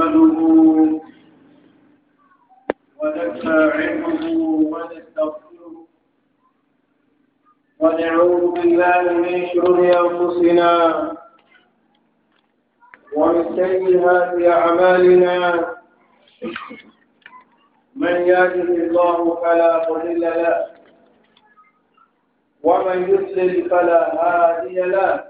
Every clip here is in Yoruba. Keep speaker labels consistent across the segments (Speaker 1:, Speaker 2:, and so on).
Speaker 1: نحمده ونستعينه ونستغفره ونعوذ بالله من شرور انفسنا ومن سيئات اعمالنا من يهده الله فلا مضل له ومن يضلل فلا هادي له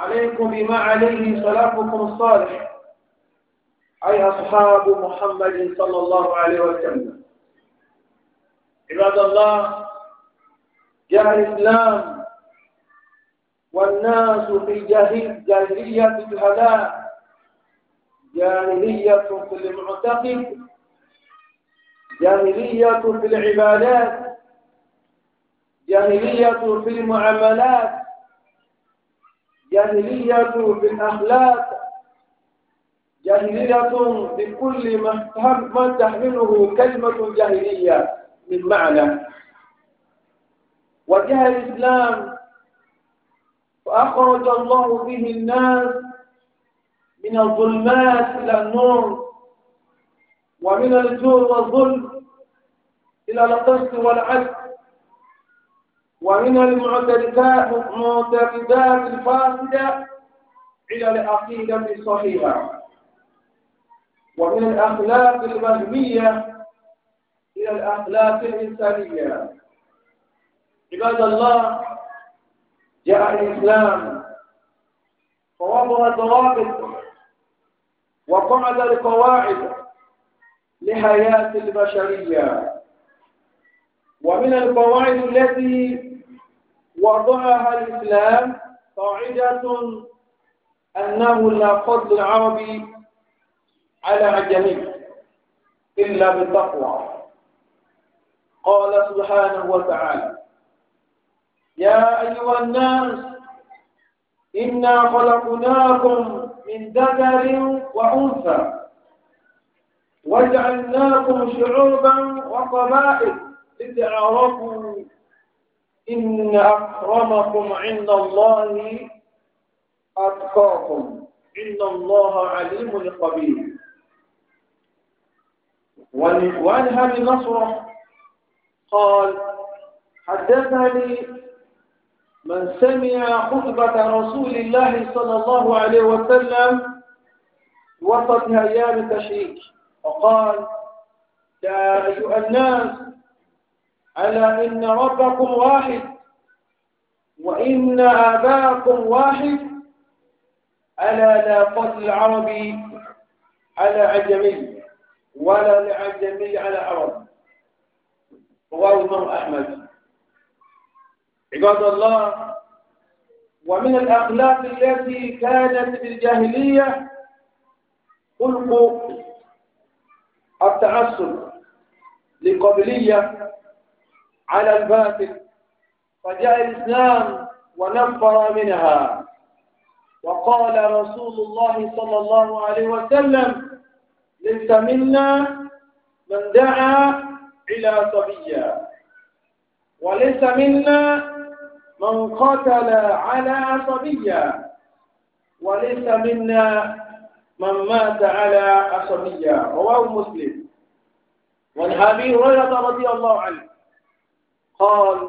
Speaker 1: عليكم بما عليه سلفكم الصالح أي أصحاب محمد صلى الله عليه وسلم عباد الله جاء الإسلام والناس في جاهل جاهلية الهلاء جاهلية في المعتقد جاهلية في العبادات جاهلية في المعاملات جاهلية في الأخلاق جاهلية بكل ما تحمله كلمة جاهلية من معنى وجاء الإسلام فأخرج الله به الناس من الظلمات إلى النور ومن الجور والظلم إلى القسط والعدل ومن المعتقدات الفاسدة إلى العقيدة الصحيحة ومن الأخلاق الوهمية إلى الأخلاق الإنسانية عباد الله جاء الإسلام فوضع ضوابط وقعد القواعد لحياة البشرية ومن القواعد التي وضعها الإسلام قاعدة أنه لا فضل العربي على عجمي إلا بالتقوى قال سبحانه وتعالى يا أيها الناس إنا خلقناكم من ذكر وأنثى وجعلناكم شعوبا وقبائل لتعارفوا إن أكرمكم عند الله أتقاكم إن الله عليم خبير وعن هذه نصرة قال حدثني من سمع خطبة رسول الله صلى الله عليه وسلم وسط أيام التشريك وقال يا أيها الناس ألا إن ربكم واحد وإن آباءكم واحد ألا لا قتل العربي على عجمي ولا لعجمي على عرب رواه الإمام أحمد عباد الله ومن الأخلاق التي كانت في الجاهلية خلق التعصب لقبلية على الباطل فجاء الإسلام ونفر منها وقال رسول الله صلى الله عليه وسلم ليس منا من دعا إلى صبيا وليس منا من قتل على صبيا وليس منا من مات على صبيا رواه مسلم وعن أبي هريرة رضي الله عنه قال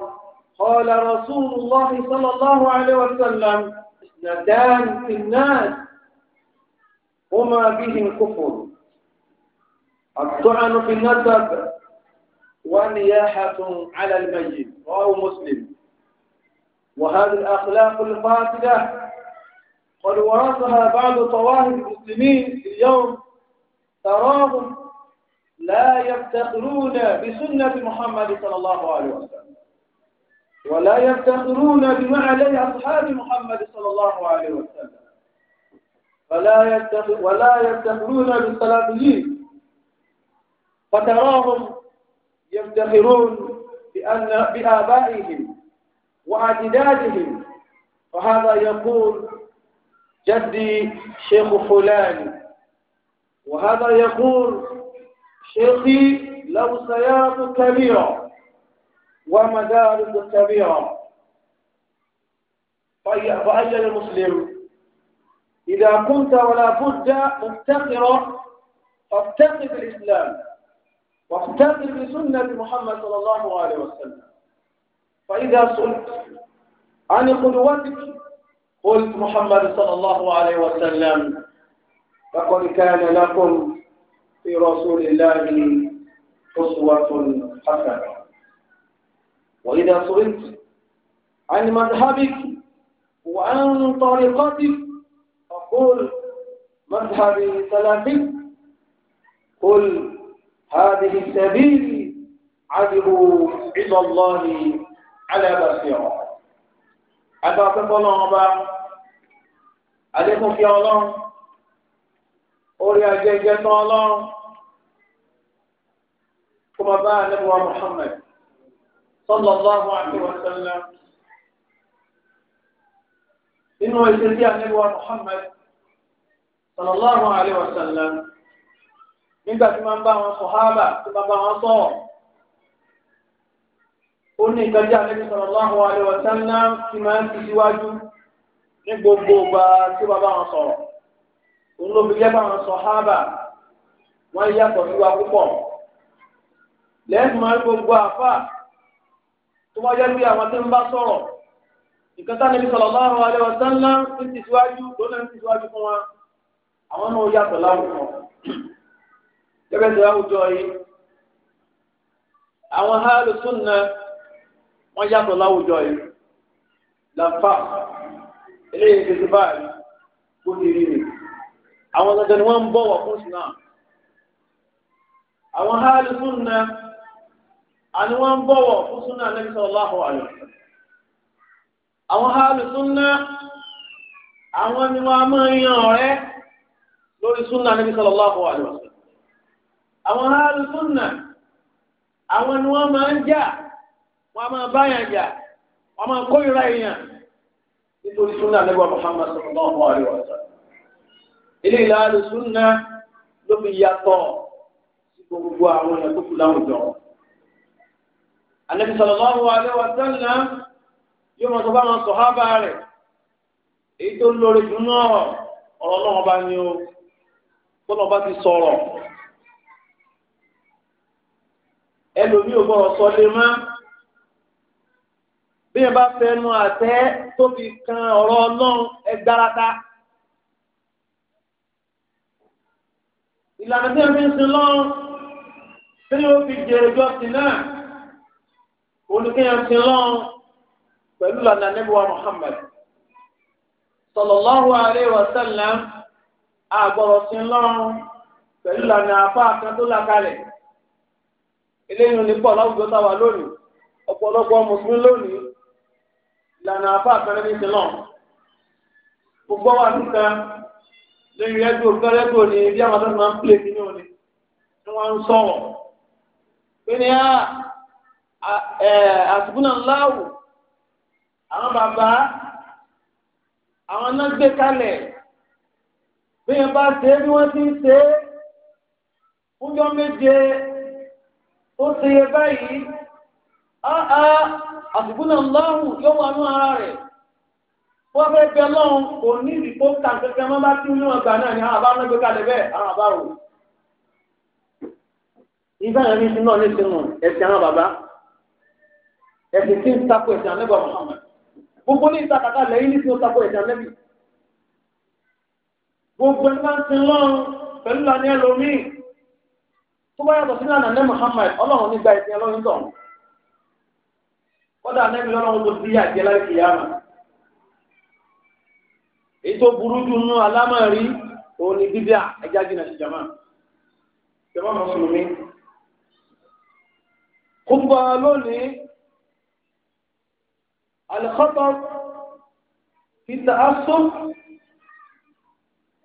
Speaker 1: قال رسول الله صلى الله عليه وسلم اثنتان في الناس هما به الكفر الطعن في النسب ونياحة على الميت رواه مسلم وهذه الأخلاق الفاسدة قد ورثها بعض طوائف المسلمين اليوم تراهم لا يفتخرون بسنة محمد صلى الله عليه وسلم ولا يفتخرون بما عليه أصحاب محمد صلى الله عليه وسلم فلا ولا يفتخرون بالصلاتيين فتراهم يفتخرون بأن بآبائهم وأجدادهم وهذا يقول جدي شيخ فلان
Speaker 2: وهذا يقول
Speaker 1: شيخي له سيارة كبيرة ومدارس كبيرة طيب فأجل المسلم إذا كنت ولا بد مفتقرا فافتقر بالإسلام وافتقر بسنة محمد صلى الله عليه وسلم فإذا سئلت عن قدوتك قلت محمد صلى الله عليه وسلم لقد كان لكم في رسول الله أسوة حسنة وإذا سئلت عن مذهبك وعن طريقتك فقل مذهبي سلفي قل هذه سبيلي عذبوا عند الله على بصيرة أتعطف الله أبا عليكم يا الله أولي أجيجة الله كما بقى نبوى محمد sallallahu alaihi wa sallam
Speaker 2: nínú ẹsẹ̀ tí
Speaker 1: Ànábì wa Muhammad sallallahu alaihi wa sallam nígbà tí máa ń bá wọn sọhábà tí máa bá wọn sọ̀rọ̀ ó ní ìtọ́jú Ànábì sallallahu alaihi wa sallam tí máa ń tẹ̀síwájú ní gbogbo ọgbà tí bàbá wọn sọ̀rọ̀ òun ló fi jẹ́ bá wọn sọhábà wọ́n yàtọ̀ sí wa púpọ̀ lẹ́yìn tí wọ́n gbogbo àfáà tó bá jẹ́ pé àwọn tó ń bá sọ̀rọ̀ nǹkan tá níbi sallallahu alaihi wasallam ń tẹ̀síwájú tó náà ń tẹ̀síwájú fún wa àwọn náà yàtọ̀ láwùjọ gẹ́gẹ́ bí láwùjọ yìí àwọn ahlu sunna wọ́n yàtọ̀ láwùjọ yìí lànfà eléyìí ti ti báyìí kó ti rí mi àwọn gangan ni wọ́n ń bọ̀wọ̀ fún sinam àwọn ahlu sunna. àni wọ́n ń bọ̀wọ̀ fún súnà Ànábì sallallahu alaihi wasallam àwọn hálù súnà àwọn ni wọ́n á máa yan ọ̀rẹ́ lórí súnà Ànábì sallallahu àwọn hálù súnà àwọn ni wọ́n máa ń jà wọ́n máa báyàn jà wọ́n máa kórìíra èèyàn nítorí súnà Ànábì Muhammad sallallahu ilé ìlànà ló fi yàtọ̀ anabi sallallahu alaihi wa sallam yóò máa sọ fáwọn sọhábà rẹ̀ èyí tó lórí fún náà ọ̀rọ̀ náà bá ní o kọlọ bá ti sọ̀rọ̀ ẹlòmíì ò gbọ́dọ̀ sọ lé má bí yẹn bá fẹnu àtẹ tó kan ọ̀rọ̀ Ọlọ́run ẹgbàrata ìlànà tí wọn fi ń sin lọ́rùn tí wọn fi jèrè sí náà. olùkíyàn ti pẹ̀lú lọ́nà níbiwá Muhammad sallallahu alaihi wa sallam àgbọ̀rọ̀ ti lọ́n pẹ̀lú lọ́nà eléyìí ní pọ̀ láwùjọ táwa lónìí ọ̀pọ̀lọpọ̀ mùsùlùmí lónìí lọ́nà gbogbo wa bí àwọn tó máa ń pè ni wọ́n ń sọ̀rọ̀ pé ní á. Ah, àsìkúnà láwù àwọn bàbá àwọn náà gbé kalẹ̀ bí wọ́n bá ṣe bí wọ́n ti ń ṣe fúnjọ́ méje ó ṣe yẹ báyìí áá àsìkúnà láwù yóò wà ní ara rẹ̀ wọ́n fẹ́ bẹ lọ́hùn kò ní ìdìbò kàǹkẹ́kẹ́ máa bá tí wọ́n gbà náà ní àwọn àbá náà gbé kalẹ̀ bẹ́ẹ̀ àwọn àbá ìgbà yẹn ní sinú ọ̀lẹ́sìn nù ẹ̀sìn àwọn bàbá ẹ̀sìn tí ń takò ẹ̀sìn àlẹ́bà Muhammad gbogbo ní ìtakàtà lẹ́yìn ní tí ó takò ẹ̀sìn àlẹ́bì gbogbo ẹni bá ń sin lọ́run pẹ̀lú lani ẹlòmíì tó bá yàtọ̀ sínú ànàní Muhammad ọlọ́run nígbà ẹ̀sìn ẹlọ́run tọ̀ kọ́dà ànẹ́bì lọ́run tó ti yà jẹ́ láì kìyàmà èyí tó burú jù nú alámọ̀rí òun ni bíbí ẹja jìnnà sí jama jama mùsùlùmí kúbọ lónìí الخطر في التعصب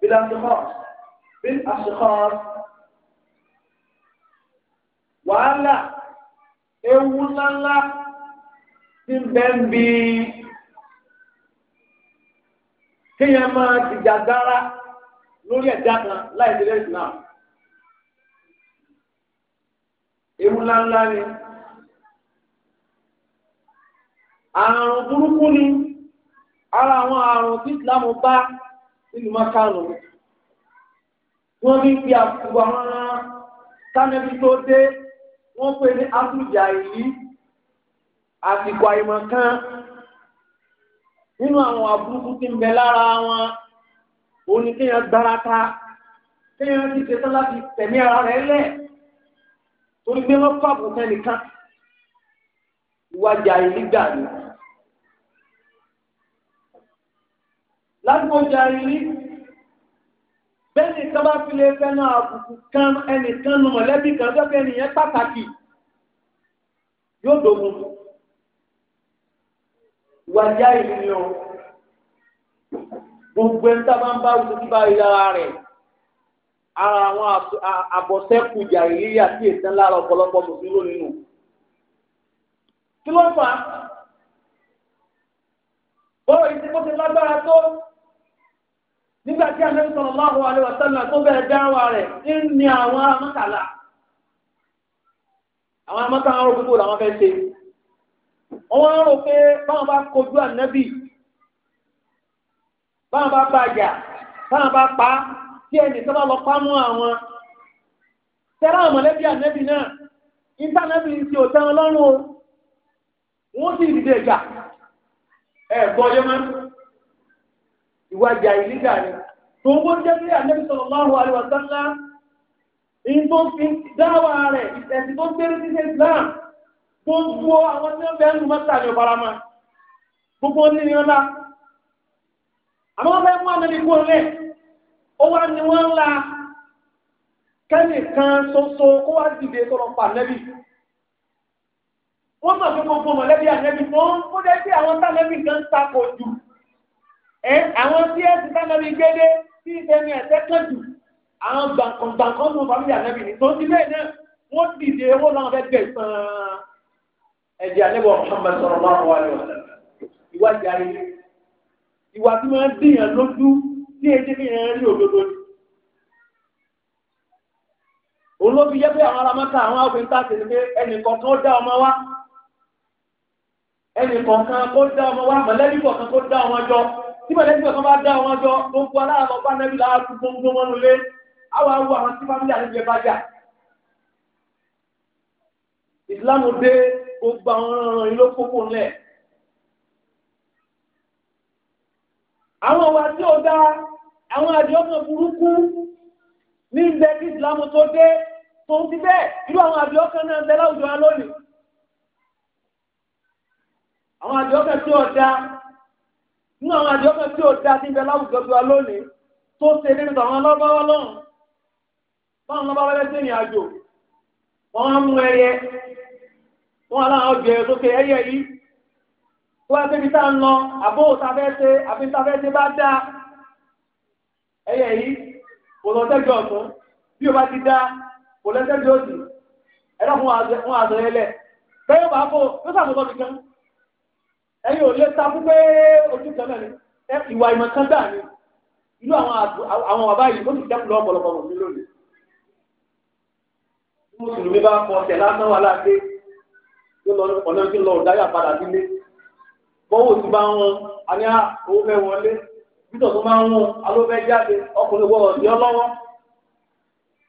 Speaker 1: بالأشخاص بالأشخاص وعلى ewu ńláńlá ti bẹ́ ń bi kéèyàn máa dìjà dára lórí ẹ̀dá kan láì délé ìsìlámù ewu ńláńlá ni àrùn burúkú ni ara àwọn àrùn tí ìsìlámù bá nínú mákàlù
Speaker 2: wọ́n ní fi àkùbọ àwọn
Speaker 1: sánẹbí tó dé wọ́n pè ní àbújá yìí àsìkò àìmọ̀ kan nínú àwọn àbúrúkú tí ń bẹ lára wọn òní kéèyàn gbárata kéèyàn ti ṣetán láti tẹ̀mí ara rẹ̀ lẹ̀ torí pé wọ́n fàbùkẹ́ nìkan ìwájà ìlígà ni. lásìkò jàrìrí bẹ́ẹ̀ ni kan bá fi lè fẹ́nu àbùkù kan ẹnìkan nu mọ̀lẹ́bí kan tó fẹ́ nìyẹn pàtàkì yóò dogun wájà ìlú gbogbo ẹni tá a bá ń bá wùdú tí bá rí lára rẹ̀ ara àwọn àbọ̀sẹ́kù jàrìrí àti ìtàn lára ọ̀pọ̀lọpọ̀ mùsùlùmí nínú kí ló fà á bọ́rọ̀ yìí ti kó ti lágbára tó. nígbà tí ànábì sallallahu alaihi wasallam tó bẹ̀rẹ̀ dáwà rẹ̀ ní àwọn amọ́kàlà àwọn amọ́kàlà ń gbogbo làwọn fẹ́ ṣe wọ́n rò pé báwọn bá kojú ànábì báwọn bá bàjà báwọn bá pa tí ẹnì tó bá lọ pa mú àwọn tẹ́lá àmọ̀lẹ́bí náà ìtànẹ́bì o wọ́n sì dìde ìjà ẹ̀ ìwájà ìlígà ni tó ń bójú pé ànábì sallallahu alaihi wasallam ìyìn tó fi dáwà rẹ̀ ẹ̀sìn tó ń gbére sí Islam tó ń dúró àwọn tí wọ́n fẹ́ ń lu mọ́tà ní ọ̀báramá gbogbo ní ní ọlá àwọn ọmọ ẹ̀mú ànábì kú ọ̀lẹ́ ó wá ní wọ́n ńlá kẹ́nì kan ṣoṣo kó wá dìde sọ̀rọ̀ pa ànábì wọ́n sọ̀ fún gbogbo mọ̀lẹ́bí ànábì tó ń kó ẹ àwọn tí ẹ ti sánàbí gbédé tí ìfẹ́mi ẹ̀sẹ̀ kàn jù àwọn gbàǹkàngbàǹkàn nù fàmílì ànábì ni tó ti bẹ́ẹ̀ náà wọ́n ti dìde wọ́n làwọn fẹ́ gbẹ̀ sàn ẹ̀jẹ̀ ànábì Muhammad sallallahu alaihi wasallam ìwà ìyàrí ìwà tí wọ́n dìyàn lójú ní ẹjẹ́ fi hàn rí òdodo ni. olóbi yẹ pé àwọn aramaka àwọn obìnrin tá a ti ní pé ẹnì kọ̀ọ̀kan ó dá ọmọ wa ẹnì kọ̀ọ̀kan kó dá ọmọ wa mọ̀lẹ́bí kọ̀ọ̀kan kó dá ọmọ jọ. tí mọ̀lẹ́bí bá dá wọn jọ tó ń kó aláàbọ̀ bá nẹ́bí láàárú gbóngbó wọn lulẹ̀ àwọn àwọn tí fámílì jà. ìsìlámù dé gbogbo àwọn ọ̀ràn kókó ńlẹ̀. àwọn wa tí ó dá àwọn àdìọ́kàn burúkú ní ilẹ̀ kí ìsìlámù tó dé tó ń ti bẹ́ẹ̀ irú àwọn náà bẹ láwùjọ wa lónìí. nínú àwọn àjọ kan tí ó dá níbẹ̀ láwùjọ tó wa lónìí tó ṣe nínú àwọn lọ́bọ́wọ́ lọ́hùn báwọn lọ́bọ́wọ́ lẹ́sẹ̀ ìrìn àjò wọ́n á mú ẹyẹ wọ́n aláwọ̀ jẹ sókè ẹyẹ yìí tó wá débi tá à ń lọ àbó tafẹ́ṣe àbí tafẹ́ṣe bá dá ẹyẹ yìí kò lọ sẹ́jọ ọ̀tún bí o bá ti dá kò lọ sẹ́jọ òsì ẹ̀rọ fún àzọ ẹlẹ̀ bẹ́ẹ̀ bá fò ló sàmùtọ́ nìkan ẹ̀yin ò lè takú pé ojú kan náà ni ìwà ìmọ̀ kan dà ní irú àwọn bàbá yìí ó sì dẹ́kun lọ ọ̀pọ̀lọpọ̀ mọ̀ sí lónìí. mùsùlùmí bá kọ ọ̀tẹ̀ lásán wà láti ọ̀nà tí ń lọ ọ̀dáyà padà sílé bọ́wọ́ tí bá wọn a ní owó fẹ́ wọlé títọ̀ tó máa ń wọn alófẹ́ jáde ọkùnrin wọ ọ̀dí ọlọ́wọ́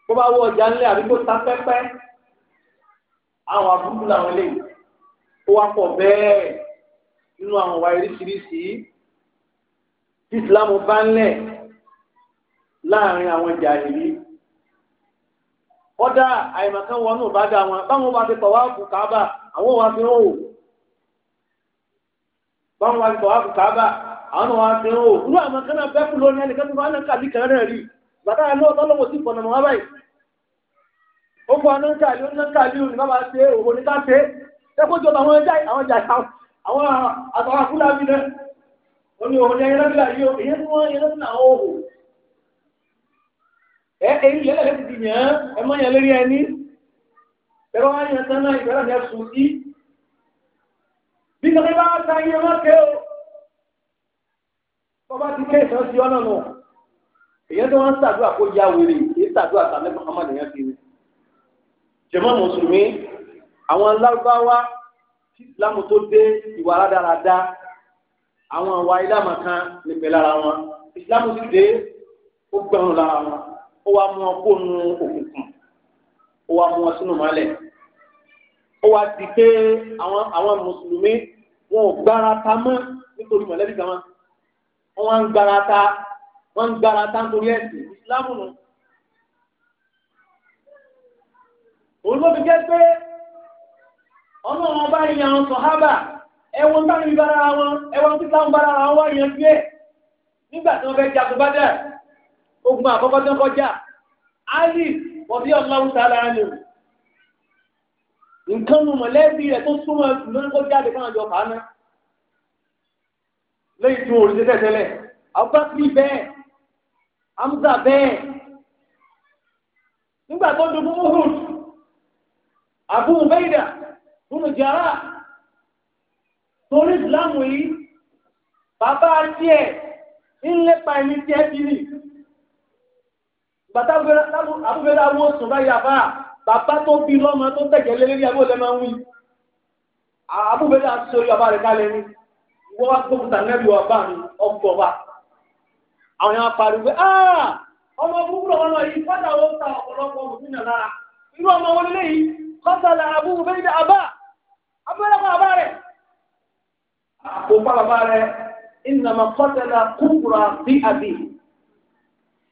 Speaker 1: bó bá wọ ọjà ńlẹ̀ àbí kó ta pẹ́pẹ́ àwọn àbúrú làwọn eléyìí ó wá pọ̀ bẹ́ẹ̀ nínú àwọn ọ̀wá oríṣiríṣi tí Islam bá ń lẹ̀ láàrin àwọn jàhìlì kọ́dà àìmọ̀kan wọnú bá dá wọn báwọn wá ti pọ̀ wá kù kábà àwọn wá fi ń hò báwọn wá ti pọ̀ wá kù kábà àwọn wá fi ń hò nínú àwọn kan náà bẹ́kù lónìí ẹnìkan tó bá náà kàbí kan náà rí bàtà àná ọlọ́wọ́ sí pọ̀nà mọ́ wá báyìí ó fọ anáńkàlí ó náńkàlí ó ní bá wá ṣe òwò ní ká ṣe é kó jọ àwọn ẹja àwọn ẹja àwọn àtàwọn fúlàbí lẹ wọn ni òun ní ayélujára yìí o èyí ni wọn ayélujára àwọn òhò ẹ èyí yẹn lẹ́yìn ti yàn án ẹ mọ yẹn lórí ẹni ẹ̀rọ wa yẹn tán náà ìgbàlá yẹn sùn sí bí kankan bá ta yẹn wọn ké o tọ́ba ti ké ìtàn sí ọ́nà nù èyí tó wọn lámù tó dé ìwà rádaràda àwọn ìwà ìlànà kan nípẹ́ lára wọn ìsìlámù sì dé ó gbẹ̀rún lára wọn ó wá mú wọn kó nu òkùnkùn ó wá mú wọn sínú mọ́lẹ̀ ó wá di pé àwọn àwọn mùsùlùmí wọn ò gbára ta mọ́ nítorí mọ̀lẹ́bí kan wọn wọn ń gbára ta wọn ń gbára ta nítorí ẹ̀sìn ìsìlámù nù. òun ló fi jẹ́ pé ọlọ́run bá yan sọ̀hábà ẹ̀wọ̀n bá mi bára wọn ẹ̀wọ̀n tí táwọn bára wọn wá yan bí ẹ̀ nígbà tí wọ́n fẹ́ jagun bá dẹ̀ ogun àkọ́kọ́ tó kọjá ali wọ́bí ọlọ́run sára ni nǹkan nu mọ̀lẹ́bí rẹ̀ tó súnmọ́ lórí kó jáde fún àjọ kàánà lẹ́yìn tí wọn ò rí tẹ́tẹ́ tẹ́lẹ̀ abubakar bẹ́ẹ̀ hamza bẹ́ẹ̀ nígbà tó dogun muhud abu ubaida nínú jàrá torí ìsìláàmù yìí bàbá tiẹ̀ ńlẹ́pa ẹni tiẹ̀ bí nì bàtà abúgbèrè àwọn oṣùn bá yàgbà bàbá tó bí lọ́mọ tó tẹ̀jẹ̀ lé lórí abó lẹ́mọ̀ wí abúgbèrè àti sori bàbá rẹ̀ kálẹ̀ ní wọ́n wá gbókùtà nẹ́bí wà bá mi ọkọ̀ bá àwọn yẹn pariwo pé ọmọ búburú ọmọ yìí fọ́dà ó ta ọ̀pọ̀lọpọ̀ òmùsùn náà lára irú ọmọ wọlé yìí kọ́sàlà abúgbèrè àbá abẹ́rẹ́ fún bàbá rẹ̀ kò fún bàbá rẹ̀ ìnàmà kọ́tẹ́lá kúkúrà bí àbí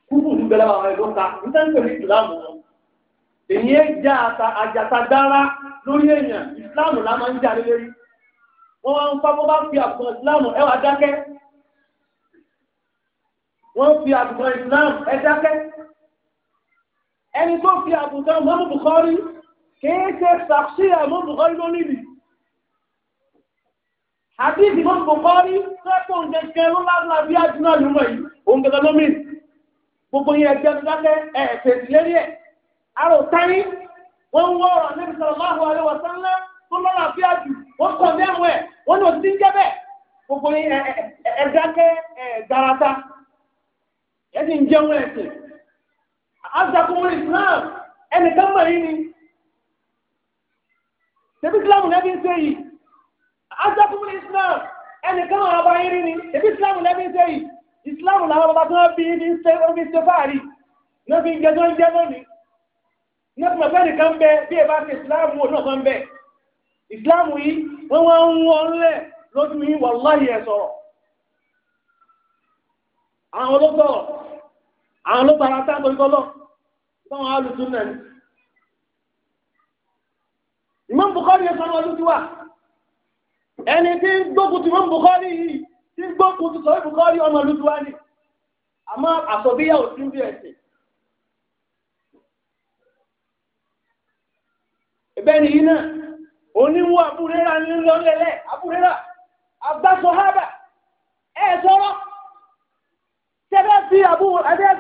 Speaker 1: kúkúrú bẹ̀rẹ̀ bàbá rẹ̀ ló ta níta ń pèlú ìsìlámù wọn èyí ẹ já ata àjàta dára lórí èèyàn ìsìlámù la máa ń jà lórí wọn wá ń fa bó bá fi àpò ìsìlámù ẹ wá dákẹ́ wọn fi àpò ìsìlámù ẹ dákẹ́ ẹni tó fi àpò ìsìlámù mọ́mú Bukhari kì í ṣe ṣàkṣíyà mọ́mú Bukhari lónìí àdìsí mọ́ bọ̀kọ́rí sẹ́kùn kẹ̀kẹ́ ló lásìlá bí àjùmọ̀ àjùmọ̀ yìí òun kẹ̀kẹ́ ló gbogbo yẹn ẹgbẹ́ mi dákẹ́ ẹ̀ fèrè ẹ̀ àrò táyín wọ́n ń ọ̀rọ̀ níbi sọ̀rọ̀ láhùn àríwá sánlá tó àjù wọ́n kọ̀ ní ẹ̀ wọ́n ní ń jẹ́ bẹ́ẹ̀ gbogbo azakumul islam ẹnìkan náà ọba yín rí ni ebi islam lẹ́bí ń sẹ́yìn islam làwọn bàbá tó ń bí ní ṣe ṣe fáàrí náà fi ń jẹ tó ń jẹ lónìí náà fi mọ̀fẹ́ nìkan bẹ bí ẹ bá ṣe islam wọn náà kan bẹ islam yìí wọ́n wá ń wọ́n lẹ̀ lójú yìí wàláhì ẹ̀ sọ̀rọ̀ àwọn olóòtọ̀ àwọn olóòtọ̀ ara sáà torí kọ́lọ́ báwọn alùsùn náà ni Imam Bukhari yẹn sọ ní ọdún tí wà. ẹni tí ń gbógun ti fún Bukhari yìí tí ń gbógun ti sọ̀rọ̀ Bukhari ọmọ lùdúwà ni àmọ́ àsọ̀bíyà ò ń bí ẹ̀sìn. ìbẹ́ni yìí náà oníwú àbúrẹ́rà ń lọ lẹ́lẹ́ àbúrẹ́rà àgbàsọ hábà ẹ̀ sọ̀rọ̀ tẹ́lẹ̀ sí ẹ̀rẹ́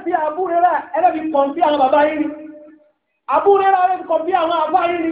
Speaker 1: fi kàn sí àwọn bàbá yìí ni ẹ̀rẹ́ fi kàn sí àwọn àbá yìí ni.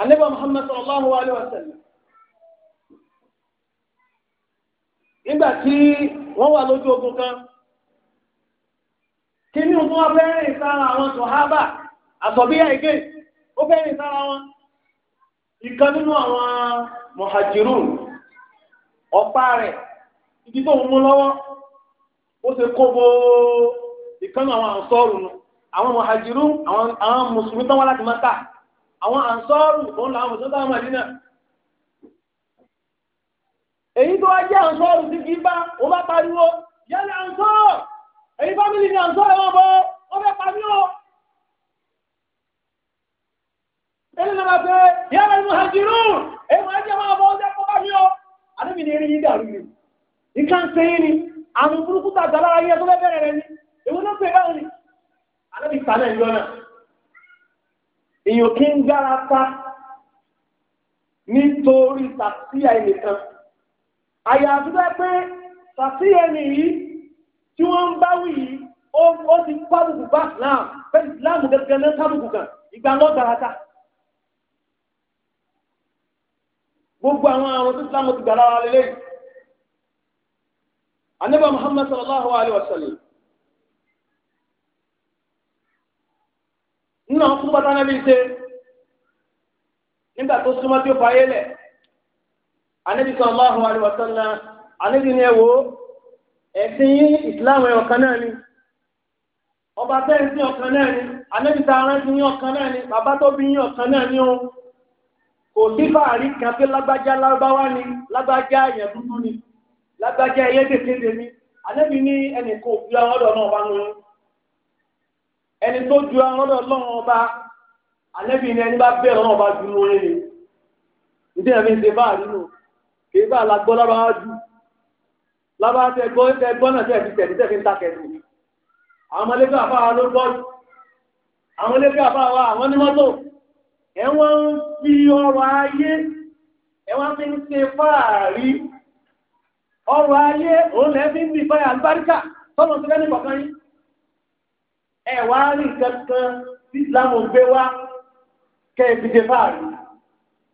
Speaker 1: Ànábì Muhammad sallallahu alayhi wa sallam nígbà tí wọ́n wà lójú ogun kan kí ní òun wọn fẹ́ẹ́ rìn sára àwọn sọ̀hábà àsọ̀bíyà ìgé ó fẹ́ẹ́ rìn sára wọn ìkan nínú àwọn muhajirun ọ̀pá rẹ̀ ibi tó ń mú lọ́wọ́ ó ṣe kó bo ìkan nínú àwọn àǹsọ́ọ̀rù nù àwọn muhajirun àwọn mùsùlùmí tán wá láti Mákà. àwọn ànsọ́ọ̀rù òun làwọn mùsùlùmí àwọn àdínà èyí tó wá jẹ́ ànsọ́ọ̀rù ti kì bá bá pariwo yálẹ̀ ànsọ́ọ̀rù èyí fámìlì ní ànsọ́ọ̀rù wọn bọ́ wọ́n fẹ́ pariwo. ẹni náà máa fẹ́ yálẹ̀ muhajirun èyí wọ́n jẹ́ máa ni èèyàn kí ń gbára ta nítorí sàtìyà ẹnìkan àyàfi bẹ́ẹ̀ pé sàtìyà ẹni yìí tí wọ́n ń bá wí yìí ó ti pàbùkù bá islam bẹ́ẹ̀ islam gẹ́gẹ́ ní sábùkù kan ìgbà náà gbára ta. gbogbo àwọn àrùn tí islam ti gbà lára lélẹ́yìn. anábà muhammad sallallahu alayhi wa sallam. nínú àwọn kúrú bàtà nàbí ṣe nígbà tó súnmọ́ tí ó fàyè lẹ̀ anabi sallallahu alaihi wa sallam anabi ni ẹ wo ẹ̀sìn islam ẹ̀ ọ̀kan náà ni ọba tẹ́ǹsì ọ̀kan náà ni anabi ta aránsì yín ọ̀kan náà ni bàbá tó bí yín ọ̀kan náà ni ó kò sí fàárí kan pé lágbájá lárúbáwá ni lágbájá ẹ̀yẹ̀ dúdú ni lágbájá ẹ̀yẹ́ tètè ni anabi ní ẹnì kan òbí àwọn ọ̀dọ́ náà wà lóyún. ẹni tó ju àwọn ọlọ́run ọba alẹ́bí ni ẹni bá bẹ̀rẹ̀ ọba ju mọ́ ẹni ìdí ẹ̀mí ṣe bá nínú kì í bá lágbọ́ lábáwá jù lábáwá tẹ gbọ́ tẹ gbọ́ náà tẹ̀ fi tẹ̀ tẹ̀ fi ń ta àwọn ló gbọ́ àwọn wa àwọn onímọ́tò wọ́n ń fi ọrọ̀ ayé wọ́n fi ń ṣe fáàrí ọrọ̀ ayé òun lẹ́ fi ń àlùbáríkà tọ́lọ̀ kọ̀ọ̀kan yìí ẹ wá rí nǹkan kan tí Islam gbé wá kẹ́ ẹ fi ṣe fáàrí.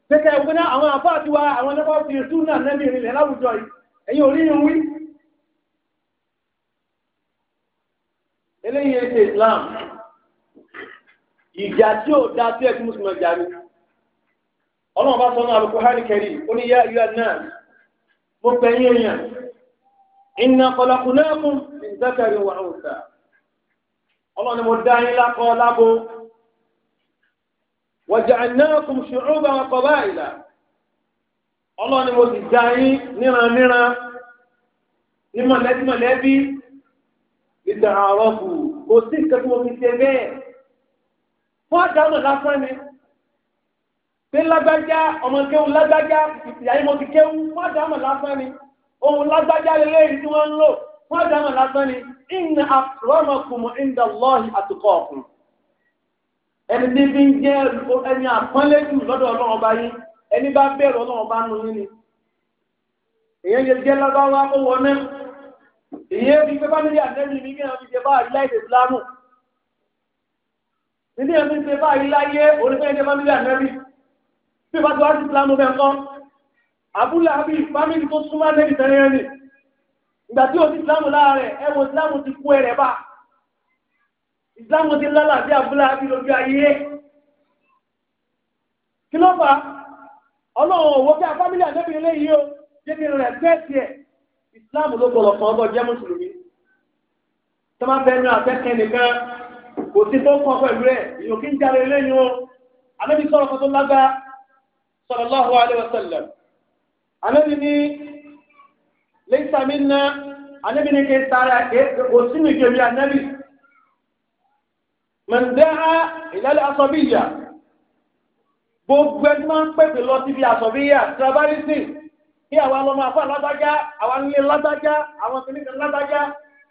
Speaker 1: Gẹ́gẹ́ ẹ̀ wọ́n àwọn àbá àti wa àwọn ẹlẹ́kọ̀ọ́ ti sùn náà nẹ́bí ìrìnlẹ̀ láwùjọ yìí ẹ̀yin ò wí. Eléyìí ṣe Islam ìjà tí ò da tí ẹ ti mùsùlùmí jà ní. Ọlọ́run bá sọ náà lóko hàn kẹrì ó ní yá yá náà mo pẹ̀yìn èèyàn. Inna khalaqnakum min dhakarin wa untha ọlọ́ni mo dá yín lákọ́ lábo wa ja'alnakum shu'uban wa qaba'ila ọlọ́ni mo sì dá yín níranníran ní mọ̀lẹ́bí mọ̀lẹ́bí ìdá àrọ́bù kò sí nǹkan tí mo fi ṣe bẹ́ẹ̀ fún àdánù lásán ni pé lágbájá ọmọ kéwù lágbájá ìyá yín mo ti kéwù fún àdánù lásán ni ohun lágbájá lélẹ́yìn tí wọ́n ń lò wọ́n dáná lásán ni ìnà àkùrọ̀mọ̀kùnmọ̀ ìndà lọ́ọ̀hì àtùkọ̀ ọ̀kùn. ẹni tí bí ń jẹ́ ẹni àpọ́nlé jù lọ́dọ̀ ọlọ́run bá yín ẹni bá bẹ̀rù ọlọ́run bá nu yín ni. èyí lè jẹ́ lábáwá ó wọ náà. èyí rí pé bámi rí àtẹ́mi mi kéèyàn fi jẹ báyìí láì lè fúlánù. nínú ẹ̀mí ṣe báyìí láyé onífẹ́ jẹ́ bámi rí bí wọ́n wá sí fúlánù bẹ́ẹ̀ kọ́. àbúlé àbí fámìlì tó súnmọ́ ìgbà tí o ti islam láàrẹ̀ ẹ wo islam ti kú ẹrẹ̀ bá islam ti lálà sí abúlé àti lójú ayé kí ló fà ọlọ́run òwò kí a fámílì àjẹbí eléyìí o jẹ́ kí rẹ̀ bẹ́ẹ̀sì ẹ̀ islam ló gbọ́dọ̀ kàn ọ́ jẹ́ mùsùlùmí tó máa bẹnu àfẹ́kẹ́ nìkan kò sí tó kàn pẹ̀lú ẹ̀ èèyàn kí ń jáde eléyìí o àlẹ́bí sọ̀rọ̀ kan tó lágbá sallallahu alaihi wasallam àlẹ́bí ní laysa minna uh, anabi ne ke sara ke o sinu ke mi anabi man daa ila al asabiya gbogbo ẹni máa ń pèsè lọ síbi àsọ̀bíyà trabalisi kí àwa lọ́mọ afọ alágbájá àwa nílé lágbájá àwọn kìnìkan lágbájá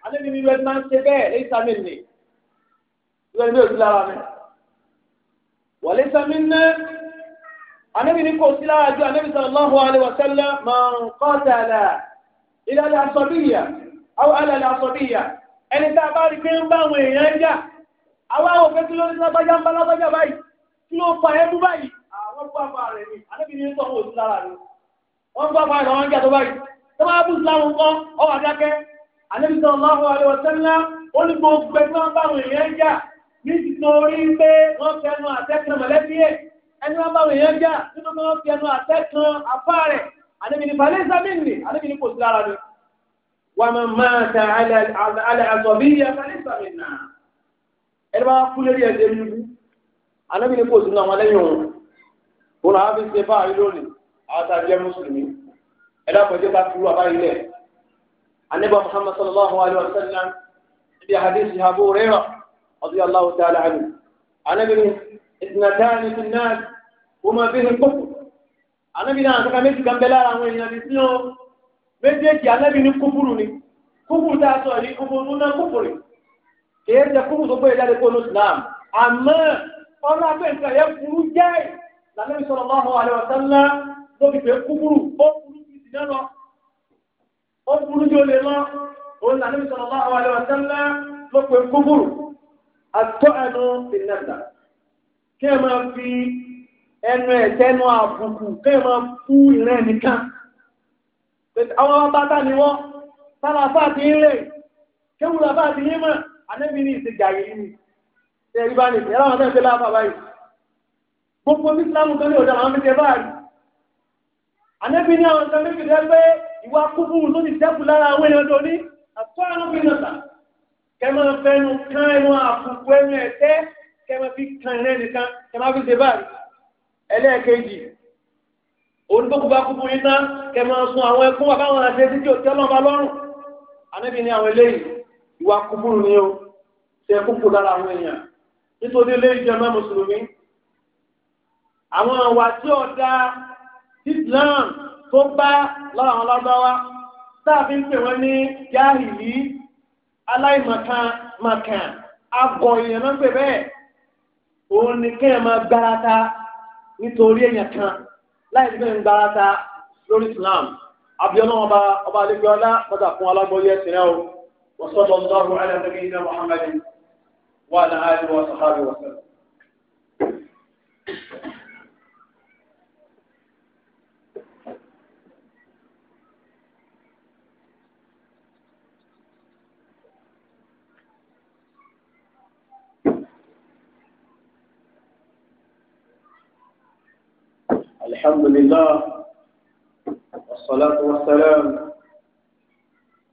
Speaker 1: anabi mi wẹ́n máa ń ṣe bẹ́ẹ̀ laysa minni ìwé ni mi ò lára mi wa laysa minna uh, anabi ni kò sí lára ju anabi sallallahu alaihi wa sallam man qatala ìlànà àsọdíyà àwọn àlànà àsọdíyà ẹni tá a bá rí pé ń bá àwọn èèyàn ń jà àwọn àwọn òfin tí ló ní lágbájá ń bá lágbájá báyìí tí ló fa ẹbú báyìí àwọn ah, bú àpá rẹ ni àdébí ni sọ wọn ò sí lára rẹ wọn bú àpá rẹ wọn ń jà tó báyìí tó bá bú sílámù kọ ọ wà dákẹ́ àdébí sọ ọlọ́wọ́ àlẹ́wọ̀ sẹ́ńlá ó ní gbogbo ẹgbẹ́ wọn bá àwọn èèyàn ń jà nítorí pé wọ́n fẹnu àtẹ́kàn mọ̀lẹ́bí ẹ̀ ẹni wọn bá àwọn èèyàn ń jà nítorí wọ́n fẹnu àtẹ́kàn afá rẹ̀ àdébìnrin balẹ̀ ìsàmìnì àdébìnrin kò sí lára mi wà máa máa ta alẹ́ àzọ̀bí yẹ balẹ̀ ìsàmìnì náà ẹni bá kú lórí ẹ̀jẹ̀ yìí àdébìnrin kò sí náà wọn lẹ́yìn òun òun àwọn fi ṣe báyìí lónìí àwọn tá a jẹ́ mùsùlùmí ẹ̀dá àpọ̀jẹ́ bá fi wú àbáyìí lẹ̀ Muhammad sallallahu alayhi wa sallam ibi àdéhùn Abu Hurairah radiyallahu ta'ala anhu àdébìnrin ìtìnnàtàn ìtìnnàtàn wọ́n máa fi hìn kókò anabi náà àtàkà méjì kan bẹ lára àwọn èèyàn nìsí o méjèèjì anabi ní kúkúrú ni kúkúrú tá a sọ ní kúkúrú náà kúkúrú kìí ṣe kúkúrú tó gbóyè jáde kónú islam àmọ́ ọlọ abẹ́ǹkà yẹ kúrú jẹ́ lànàbí sallallahu alaihi wasallam lóbi pé kúkúrú ó kúrú ju ìdílé lọ ó kúrú ju olè lọ òun lànàbí sallallahu alaihi wasallam ló pe kúkúrú àtọ́ ẹnu ìnẹ́ta kí ẹ máa fi ẹnu ẹ̀tẹ́nu àbùkù kẹ́ẹ̀ máa fún ìrẹ́ nìkan àwọn bàbá ni wọ́n sálàfà ti ń rè kéwùlà bá ti yé mọ̀ ànẹ́bí ní ìsìnjà yìí ni ṣe rí bá nìyí ẹ̀rọ àwọn náà ń tẹ́lẹ̀ àbàbà yìí gbogbo ìsìlámù kan ní ọ̀dọ̀ àwọn méjì bá rí ànẹ́bí ní àwọn ìsìlámù méjì pé ìwà kúkú ló ti dẹ́kù lára àwọn èèyàn tó ní àtọ́ àwọn bí nàta kẹmọ fẹnu kán ẹnu àkùkù ẹnu ẹ̀tẹ́ kẹmọ fi kàn rẹ nìkan kẹmọ fi ṣe báyìí ẹlẹ́ẹ̀kejì onígbòkú bá kúkú yín ná kẹ máa sun àwọn ẹkún wa káwọn àti ẹtí tí ò tẹ́lọ̀ bá lọ́rùn anábì ní àwọn eléyìí ìwà kúkúrú ni o ṣe kúkú lára àwọn èèyàn nítorí eléyìí jẹ́ mọ́ mùsùlùmí àwọn àwà tí ọ̀dà Islam tó bá lára àwọn lágbáwá sáàfin pè wọ́n ní yáhìlì aláìmọ̀kan àgọ̀ èèyàn náà pè bẹ́ẹ̀ òun ni kẹ́ẹ̀ máa gbára ta. nítorí èèyàn kan láì ní bẹ́ẹ̀ ń gbarata lórí Islam abiyọ́nà ọba ọba àlejò ọlá kọjá fún alágbóyè ẹ̀sìn rẹ̀ o wọ́n sọ́dọ̀ ọ̀dọ́ ọ̀rọ̀ ẹ̀rẹ́ الحمد لله والصلاة والسلام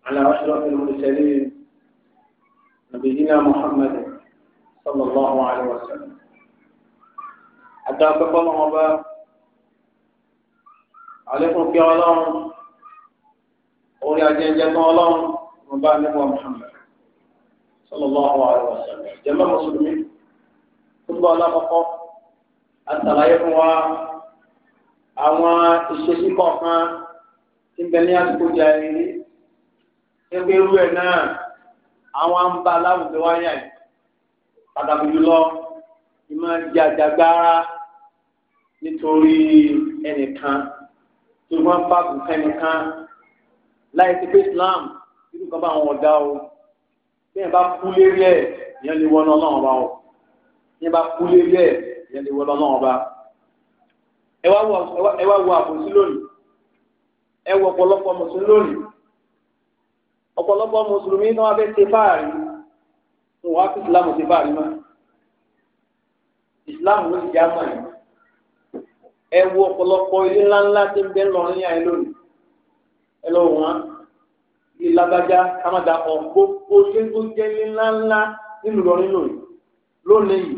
Speaker 1: على أشرف المرسلين نبينا محمد صلى الله عليه وسلم حتى أكبر أبا عليكم في علام أولي عجين جنة علام مبا محمد صلى الله عليه وسلم جمع مسلمين كتب على مقام التغير àwọn ìṣesí kọ̀ọ̀kan tí ń bẹ ní àsìkò jà ìrírí ẹgbẹ́ irú ẹ̀ náà àwọn ń bá láwùjọ wáyà yìí pàtàkì jùlọ ìmọ̀ jàjàgbára nítorí ẹnìkan tí wọ́n bá kù kẹ́nìkan láì ti pé Islam irú kan bá wọn ọ̀dà o bí ẹ bá kú lérí ẹ̀ ìyẹn lè wọ́n lọ́nà ọba o bí ẹ bá kú lérí ẹ̀ ìyẹn lè wọ́n lọ́nà ọba ẹ wá wo àbòsí lónìí ẹ wo ọ̀pọ̀lọpọ̀ mùsùlùmí lónìí ọ̀pọ̀lọpọ̀ mùsùlùmí náà wá fẹ́ ṣe fáàrí wọn wá fi ìsìlámù ṣe fáàrí mọ́ ìsìlámù ló ti já mọ́ ẹ̀ ẹ wo ọ̀pọ̀lọpọ̀ ilé ńláńlá tí ń bẹ lọ́rùn ní àyè lónìí ẹ lọ wọn ìlàgbájá kámádà ọ̀gbọ́gbọ́ ṣé tó jẹ́ ilé ńláńlá nílùú lọ́rùn lónìí lónìí yìí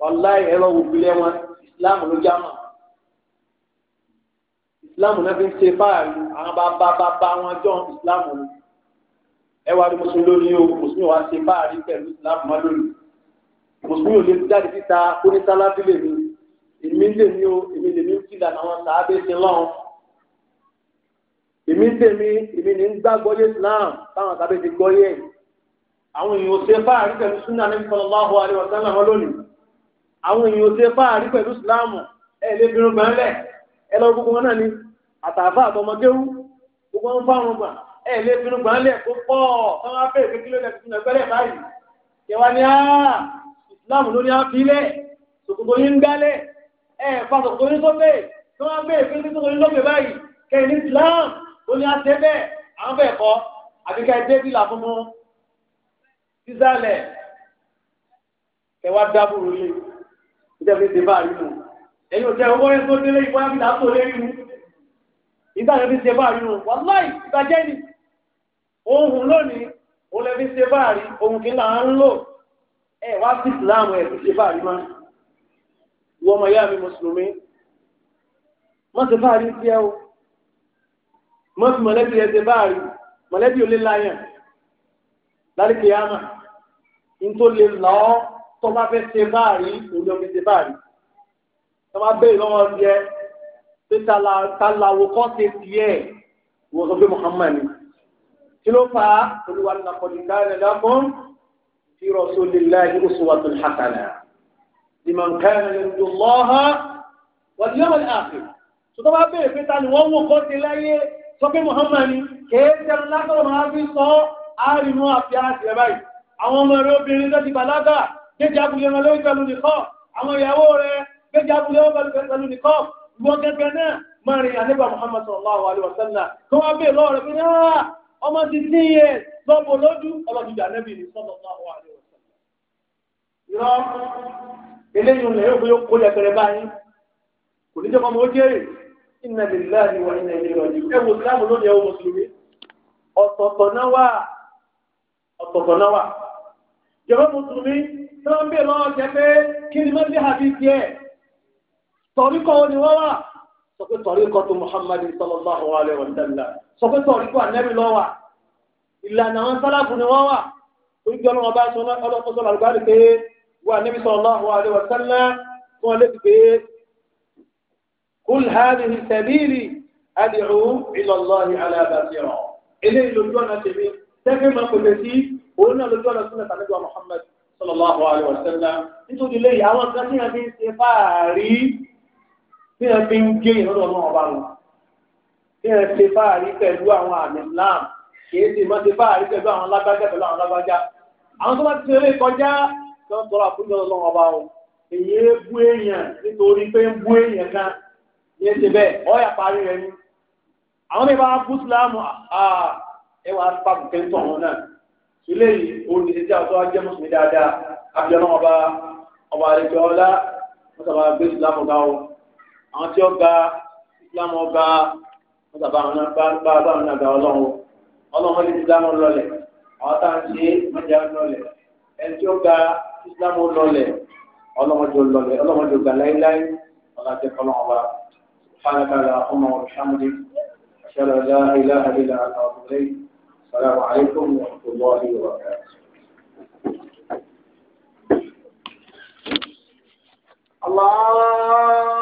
Speaker 1: wàláì ẹ lọ wo ìpìlẹ̀ wọn ìsìlámù ló já mọ́ ìsìláàmù náà fi ń ṣe fáàrí àwọn bàbá bàbá wọn jọ ìsìláàmù ni ẹ wá rí mùsùlùmí lónìí o mùsùlùmí wá ṣe fáàrí pẹ̀lú ìsìláàmù wọn lónìí mùsùlùmí ò lè jáde síta kó lè mi èmi lè mi o èmi lè mi ń kí ìlànà àwọn sàábé ṣe lọ́hùn èmi ń tèmi èmi ní ń gbàgbọ́ yé islam táwọn sàábé ti gbọ́ yé àwọn èèyàn ò ṣe fáàrí pẹ̀lú sunna ní sallallahu alaihi wasallam lónìí àwọn èèyàn ò ṣe fáàrí pẹ̀lú islam ẹ̀ lè fi irun ẹ lọ gbogbo wọn náà ni àtàfà àtọmọgéwú gbogbo ń fárun gbà ẹ lè finú gbà ń lẹ kó pọ̀ táwọn afẹ ìpè kíló lẹ tuntun ẹgbẹrẹ báyìí kẹwà ní á ah, islam ló ní á filẹ sòkòtò yín ń dálẹ ẹ fa sòkòtò yín sókè tí wọn bẹ ìpè kíló yín lókè báyìí kẹyìn ní islam ló ní á tẹ bẹ́ẹ̀ àwọn bẹ́ẹ̀ kọ́ àbí ká ẹ dé bí làfúnmu sísàlẹ̀ kẹwà dábùrú lé ìjọba ìdìbò àríwú ẹ̀yin ò tẹ owó ẹ tó délé ìwádìí látò lé rí mu ìgbàlẹ̀ fi ṣe báàrí nù wàláì ìbàjẹ́ ni ohun lónìí òun lè fi ṣe báàrí ohun kí là ń lò ẹ wá sí ìsìláàmù ẹ fi ṣe báàrí má wọ ọmọ ìyá mi mùsùlùmí má ṣe báàrí sí ẹ o má fi mọ̀lẹ́bí ẹ ṣe báàrí mọ̀lẹ́bí ò lè láyàn lálẹ́ kìyàmà nítorí lè lọ tọ́ bá fẹ́ ṣe báàrí òun lè fi ṣe báàrí tọ́ bá bẹ́ẹ̀ lọ́wọ́ bí pé talawo kọ́ ṣe tiẹ̀ wọ́n sọ pé Muhammad ni kí ló fà á olúwa ní akọ̀dìkà rẹ̀ lakum fi rasulillahi uswatun hasanah liman kana yarju Allaha wal yawmal akhir sọtọ́ bá bẹ̀rẹ̀ pé ta ni wọ́n wò kọ́ ṣe láyé sọ pé Muhammad ni kéèké lágbọ́dọ̀ máa fi sọ àárínú àfi àti báyìí àwọn ọmọ rẹ̀ obìnrin tó ti bàlágà gbéjà abúlé wọn lórí pẹ̀lú nìkọ́ àwọn ìyàwó rẹ̀ gbéjà abúlé wọn pẹ̀lú nìkọ́ wọ́n gẹ́gẹ́ náà máa rìn àníbà Muhammad sallallahu alaihi wasallam kí wọ́n bèè lọ́wọ́ rẹ̀ pé náà ọmọ ti sí iye lọ́bọ̀ lójú ọlọ́dúnjà nẹ́bì ní sallallahu alaihi wasallam. irọ́ eléyìí lè yóò fi kó lẹ́kẹrẹ báyìí kò ní jẹ́ kọ́mọ ó jèrè inna lillahi wa inna ilayhi raji'un ẹ wo islam lónìí ẹ wo mùsùlùmí ọ̀tọ̀ọ̀tọ̀ náà wà ọ̀tọ̀ọ̀tọ̀ náà wà jọ̀wọ́ mùsùlùmí tí wọ́n bèè lọ́wọ́ jẹ́ pé kí ni mọ́tí àbí tiẹ̀ tọ̀ríkọ̀ wo ni wọ́n wà sọ pé tọ̀ríkọ̀ tó muhammadu sallallahu alayhi wa sallam sọ pé tọ̀ríkọ̀ anabi lọ wà ìlànà àwọn sálàfù ni wọ́n wà oríṣi ọlọ́wọ́n bá sọ ọlọ́kọ̀ sọ làlùbárí pé wà anabi sallallahu alayhi wa sallam fún ọlẹ́bi pé kul hadhihi sabili ad'u ila allahi ala ọ̀nà tèmi tẹ́fẹ́ máa kò lè sí òun náà lójú ọ̀nà súnmọ̀ tàbí muhammad sallallahu alayhi wa sallam nítorí lẹ́yìn àwọn kan ní àbí ṣe tí ẹ fi ń gé ìrọ̀lọ́ náà bá lọ tí ẹ ṣe fáàrí pẹ̀lú àwọn àmì Islam kìí ṣe mọ́ ṣe fáàrí pẹ̀lú àwọn lágbájá pẹ̀lú àwọn lágbájá àwọn tó bá ti ṣeré kọjá tó ń tọrọ àfúnjọ lọ́wọ́ ọba o èyí ń bú èèyàn nítorí pé ń bú èèyàn kan yẹn ṣe bẹ́ẹ̀ ọ̀yà parí rẹ ni àwọn mi bá bú Islam ẹ wàá pàbù kẹ́ńtọ̀ wọn náà ilé yìí olùdíje àti ọjọ́ ajé mùsùlùmí dáadáa àbíọ́nà ọba ọba àlejò ọlá mọ́tàbà gbé Islam ọ̀gá àwọn tí ó gba islam ọba wọn tàbá àwọn náà bá àwọn náà gba ọlọ́run ọlọ́run lè islam lọlẹ̀ àwọn tá à ń ṣe mọ́jà lọlẹ̀ ẹni tí ó gba islam lọlẹ̀ ọlọ́run jò lọlẹ̀ ọlọ́run jò gbà láíláí ọlọ́run jẹ́ kọ́lọ́run ọba سبحانك اللهم وبحمدك أشهد أن لا إله إلا أنت أستغفرك السلام عليكم ورحمة الله الله